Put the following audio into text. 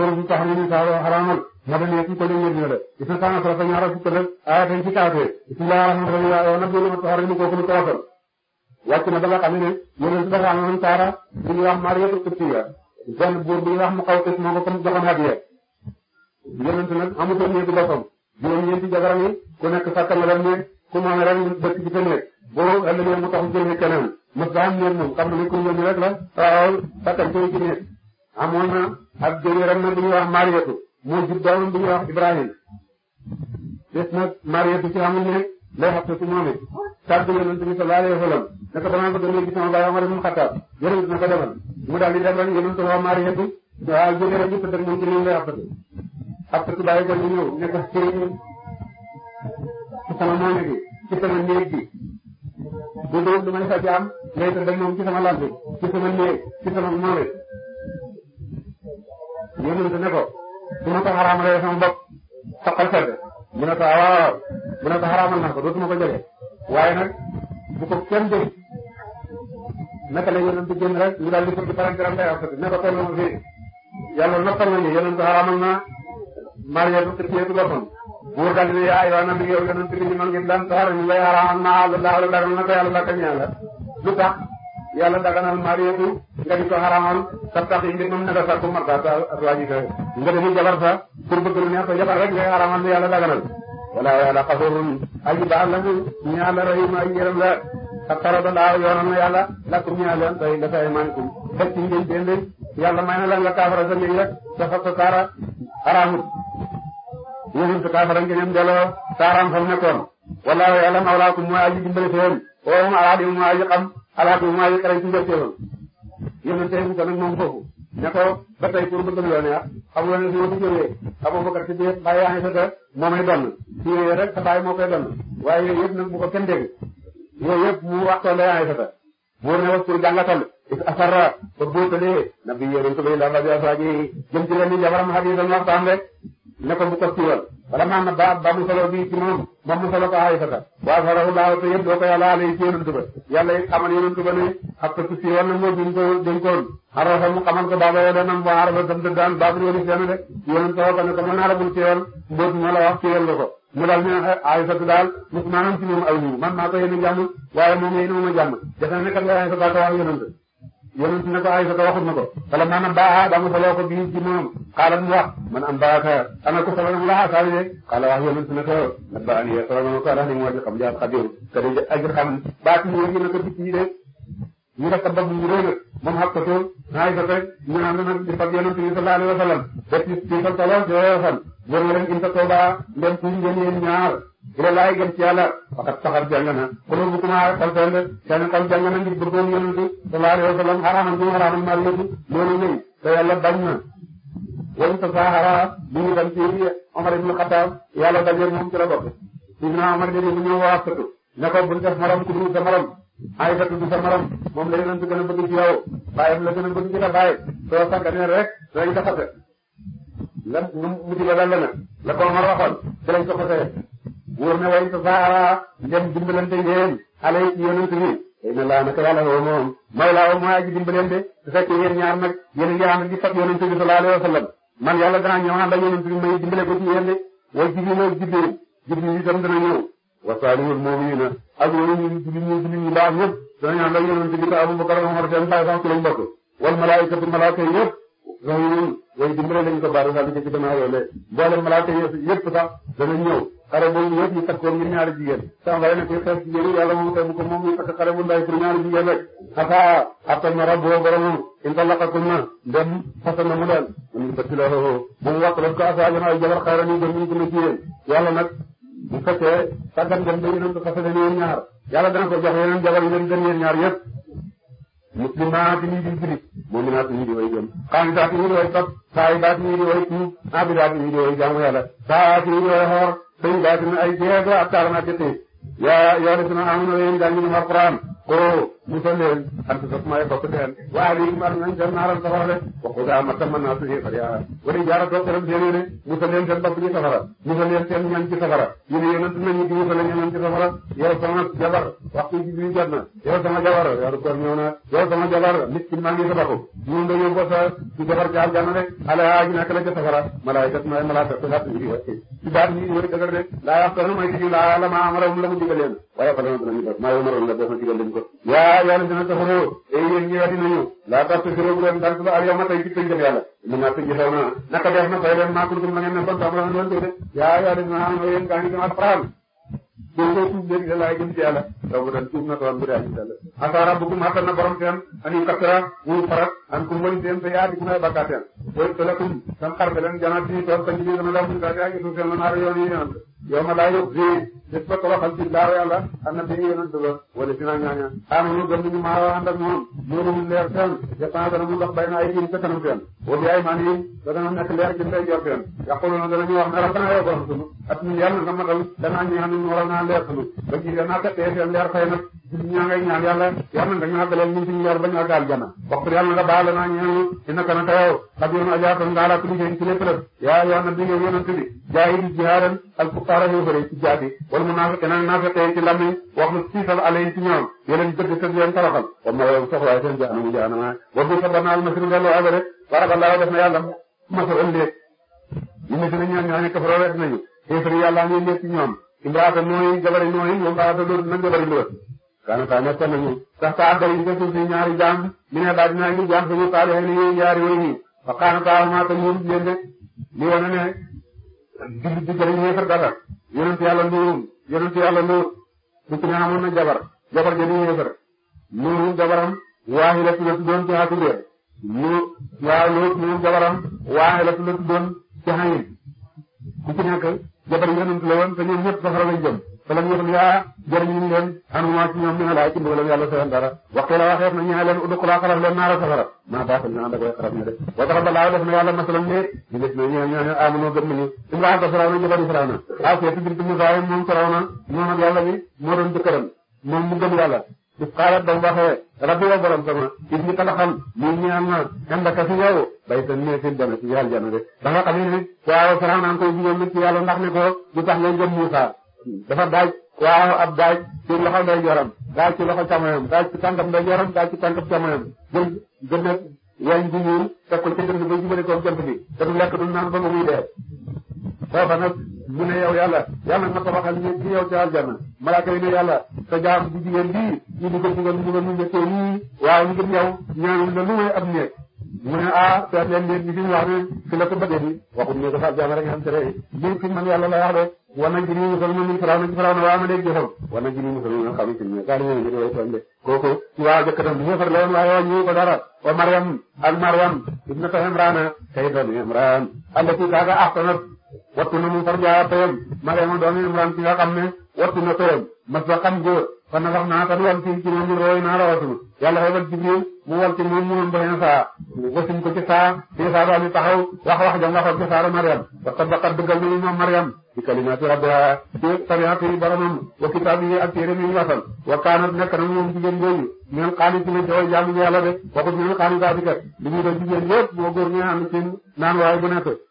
sóor bu tax na ñu saa xaraamal ma dem yéen ko leen yéen de il faut que en fait ñaara fukki la ay dañ ci taatee. bisimilah rahmaani rahiim yow nag na ba nga xam ne yéen dafa am nañu taara bu ñuy wax Mariyatul Qibtiyya benn buur bu ñuy wax Muqawqis moo ko comme joxoon hadiya yonent nag amutoon ñeenti boppam juróom-ñeenti jabaram yi ku nekk fàtte la leen ne ku mu amee ren dëkk bi te nekk boo ëllëgee mu tax jëlee keneen mos nga am ñoom moom amoon na ak jëwëram na bu ñuy wax Mariyatu moo jur doomam bu ñuy wax Ibrahim des nag Mariyatu ci xamul ne lay xapte ci moom it tàggu yonent bi sallallahu alayhi wa sallam ne ko damaa bëgg léegi sama baay Omar ibn Xattaab yonent na mu daal di dem rek yonent woo Mariyatu waaw jëwëram ñu ci liñ ñu ñëw ne ko ci sama moone bi ci sama néeg sa jaam lay tëdd moom ci sama lal bi yonent ne ko bu ma ko xaraamalee sama bopp soxal sedd mu ne ko ah, waaw mu ko xaraamal naa ko ko jege waaye nag bu ko kenn jëg naka la yonent génn rek ñu daal di fukki paranteram day am ne ko toll na fi yàlla noppal nañu yonent xaraamal na marietu sëcceetu boppam buur daal di ne ay waa na bi yow yonent bi ñu ma ngi daan taxara ñu lay xaraamal na la daal dagal na ko yàlla bakka ñaan la lu tax yàlla daganal mariyatu nga di ko xaramal sa tax yi ngir moom naka sa pour marta atwaji ka nga defi jabar sa pour bëgg lu neex sa jabar rek ngay xaramal yàlla daganal wala yàlla xasorun aji baal la ñu yàlla rahim aji yërëm la sa tarada laa la sa imaanikum fekk ci ngeen dende yàlla may na kaafara sa sa fa sa saara sa kaafara ngeen delloo saaraam fa mu nekkoon wala yàlla mawlaakum mooy aji dimbale seen mu alaadi mooy alaaka moom maa ngi rey ci njëkkeelam yónnante bu ko nag moom foofu ne ko ba tey pour bëgg na loo neex xamuloo ne su ma fi jógee Abubakar ci yaa ngi sa dër moo may donn fii rek sa bàyyi moo koy donn waaye yooyu yëpp nag bu ko kenn mu wax toll yaa ngi sa dër mu ne wax pour jàngatal is asarra ba bóotalee na bi yéen a ngi tudd Ndao Rajo Asaji jëm ci leen ni jabaram xadisan waxtaan rek ne ko bu ko vraiment nag ba ba musala bi ci moom moom musala ko Aysata waaw farahu laaw te yëpp doo ko yàlla aale ci yonent ba yàlla it xamal yonent ba ne ak ko si woon nañ ko duñ ko duñ ko woon xarala mu xamal ko baaba yoo doon am ba xarala tam te daan baabu yoo di seen rek yonent ba ko ne ko mën naa la ci yoon mbóot ma la wax ci yoon nga ko mu daal ñu ne Aysata daal mos maanaam ci moom aw ñu man maa ko yéene jàmm waaye moom ma jàmm defe naa ne kat la Aysata ko wax yonent yonent ne ko Aysata waxut na ko fala maanaam baaxa ba mu soloo ko bii ci moom xaaral mu wax man am baaka ana ko solo mu la xaasaali de xaala wax yonent ne ko nabba an ye solo ma ko jaat xabiir te de aji xam baati ñëw na ko yi de ñu rek a bëgg ñu réer moom xam ko toog Aysata ñu naan na nag sa solo ci sa fan yéen leen in sa tooba ndem ci ngeen yéen ila laay gën ci yàlla waxat saxar jàng na xulóobu kuma xol seen de seen xol jàng na ngir bëggoon yonent bi sallallahu alayhi wa sallam xaraaman bi xaraaman maa léegi loolu lay te yàlla bañ na wala mu ngi dem ci Omar ibn Khattab yàlla dajeeg moom ci la bokk Ibn Omar dajeeg mu ñëw waafatu ne ko bu def maram ku dul sa maram ay fatu du sa maram moom la yonent gën a bëgg ci yow bàyyi la gën a ci la soo sàgganee rek dinañ la xase buur ne way tasaara ndem dimbalante yéen xale yi ci yonent bi tey na laa naka yàlla woo moom mooy laa woo mooy aji dimbalante su fekkee yéen ñaar nag yéen ngi ànd di fat yonent bi sallallahu alayhi wa sallam man yàlla danaa ñëw ànd ak yonent bi may dimbale ko ci yéen de way jibril ak jibril jibril itam dana ñëw wa salihul mu'minina ak wala ñu jibril ñu jibril ñu baax ñëpp danañ ànd ak yonent bi te Abu Bakar Umar seen baay sax ci lañ bokk wal malaayikatu malaaka yëpp way dimbale lañ ko baax daal di ci gën a xale boobu yëpp ñu takkoon ngir ñaari jigéen sama bay na koy xeex jigéen yi yàlla moom tamit ko moom ñu takk xale bu ndaw pour ñaari jigéen rek xataa attan na rabboo boromam in talaqakunna ndem fasa na mu daal mun batiloo bu mu wàqaloon ko asaagan ay jabar xayra ni gën ñu ko ci yéen yàlla nag bu fekkee sàggan gën ba yéen ko fasa leen ñaar yi leen gën yéen ñaar muminaat ñi di way gëm xaanitaat ñi di way fat saayibaat ñi di way tuub aabidaat ñi di way jaamu yàlla saayaat ñi di way xoor tayyibaat ñi ay jeego ak taalamaat jëtte yaa yaa la sunu amuna ween daa ñu xor Quraan ko musal leen sant sax may bokk teen waaye lii mar nañ seen naaral safara de waxu daa ma tam naa suñuy xar yaa wala jaara toog këram seen yéene musal leen seen bopp ci safara musal leen seen ñan ci safara yéen yonent nañu di musal ñeneen ci safara yow sama jabar waxtu ji bi jot na yow sama jabar yow koor ñëw na yow sama jabar nit ki maa ngi sabaku ñun da yóbbu sa ci jabar ci aljana de ala aji nekk la ca safara malaaykat may malaaka ko xat yi wax ci baat yi yooyu dëgër de laa wax ko may ci laa la ma amaram la mu digal leen waaye fa la dinañu def maa yomaroon la def ma digal leen ko yaa ah yàlla si réew mi ren tànk ba Aliou ma tey ci tëjjëm yàlla. li ma tëjji xew na naka def na fay leen maa kuntum la ngeen ne kon sax ma doon déedéet. yaa yaa def na ah yéen gaa ngi dem alxuraan. boo ko tuub léegi de laay jëm yàlla. donc dañ na tool bu dee ak yàlla. asa rabbukum xattan na borom seen. ani kattara wu farat. an kum wëñ seen te yaa di kumay bakkaat seen. booy fële kum. seen xar bi leen janaat si tool sañ yow ma laay yëpp bii bés ba ko waxal ci laaw yàlla am na bii yonent ba wala dina ñaaña amanu gëm nañu maa ànd ak moom ñoorumu leer seen yeppan dana mu dox bay na ay yéen sa kanam seen wala ay man yi da dana nekk leer ci ndey jor seen yàquluna danañu wax ne rabbana yow borom sunu at mi yàlla na matal danaa ñi xam ne ñu waral naa leer sunu ba ji danaa fekkee seen leer fay nag julli ñaa ngay ñaan yàlla yàlla nga ñu àggaleel ñun suñu yor ba ñu àggal jana waxtu yàlla nga baal naa ñaan dina kana tayaw ak yoon ajaatan nga ala kulli shay'in ci lépp lépp yaa yoon na digee yonent bi jaay di jihaaran al fuqara yéefare ci jaati wala munaafiqina naafiqe ci lammi waxlu siifal alay ci ñoom yeleen dëgg tëg leen toroxal wa ma yow soxlaay seen jaanam jaanama wabu sabana al masir delloo abare waraballaa def na yàlla masar ëndee ñu ne dina ñaan ñaani kafaro wet nañu yéefari yàlla ñu nekk ci ñoom imraata nooyi jabari nooyi wa mbaata loolu nag jabari loolu daanaka nekkoon nañu sax taa bëri nga suuf si ñaari jaam mi ne daal dinaa indi jaam suñu xaalis ak liggéey ñaari wéy mi ba taa maa ko ñëw leen de li ne digg digg rek ñëw fa dara yonent yàlla nuur yonent yàlla nuur su ci ne amoon na jabar jabar ja di ñëw fa nuur jabaram waaye la tudd doon ci xaatu réer nuur waaw nuur jabaram waaye la tudd doon ci xayin ku ci nekk jabar yonent la falam yuxniha jëriñuñ leen anuma ci ñoom mina laa ci mbugalam yàlla seen dara waxtu la waxeef na ñexe leen uduqulaa xaraf leen naara safara maa baaxul na ànd ak way xaraf ne de wa daraba laa def na yàlla masalan ne ñu def na ñexe ñooñu amunoo gëm nañu imraata firawna jabari firawna a seeti bintu Musaa moom firawna moom ak yàlla bi moo doon jëkkëram moom mu gëm yàlla if xaalat ba mu waxee rabbi yow borom sama if ni tabaxal muy ñaan ma si yow bay da nga xam ne waaw firawna koy jigéen ci yàlla ndax ne ko dafa daaj waaw ab daaj ci loxo ndey joram daaj ci loxo càmmoñam daaj ci tànkam ndey joram daaj ci tànkam càmmoñam jël gën weñ bi ñuul teg ko ci dënd ba jubale ko jant bi te du lekk du naan ba ba muy dee foofa nag mu ne yow yàlla yàlla na tabaxal ñi ci yow ci aljanna malaaka yi ne yàlla sa jaam bu jigéen bii ñu di ko dugal dugal mu njëkkee nii waaw ñu gën yow ñaanul la lu may ab néeg mu ne ah leen lii ñu ngi wax ne fi la ko bëggee di waxut ne ko sax jàmm rek xam te rek la wax de war nañ ma min Firawna ci Firawna waa ma nekk jëfam war nañ ci lii musal ma xam ci ne gaari ñoo ngi way toon de kooku ci waa jëkkatam bi xéefar la woon waaye wàññi ko dara wa Maryam al Maryam ibnatu Imrana kay doomi Imran allati kaaga ahsanat wattu na mu farja tayam Maryam doomi Imran ki nga xam ne wattu na tayam mas ba xam góor kon nag wax naa kon wàllu si ci ñoom ñu rooy naa la wasu yàlla xeebal Jibril mu wal ci moom mu mbaxee saa wasuñ ko ci saa ci saa daal di taxaw wax wax jam waxoon ci saara Mariam ba tabaqat dëggal nañu moom Mariam ci kalimaati rabbiha ci tariati boromam wa kitaab yi ak téere yi wasal wa kaanat nekk na moom jigéen yooyu ñoom xaalis bi lañ jaamu yàlla de waxut ñoom xaalis daal di kat li ñuy doon jigéen yëpp moo góor ñi am ci naan waaye bu nekk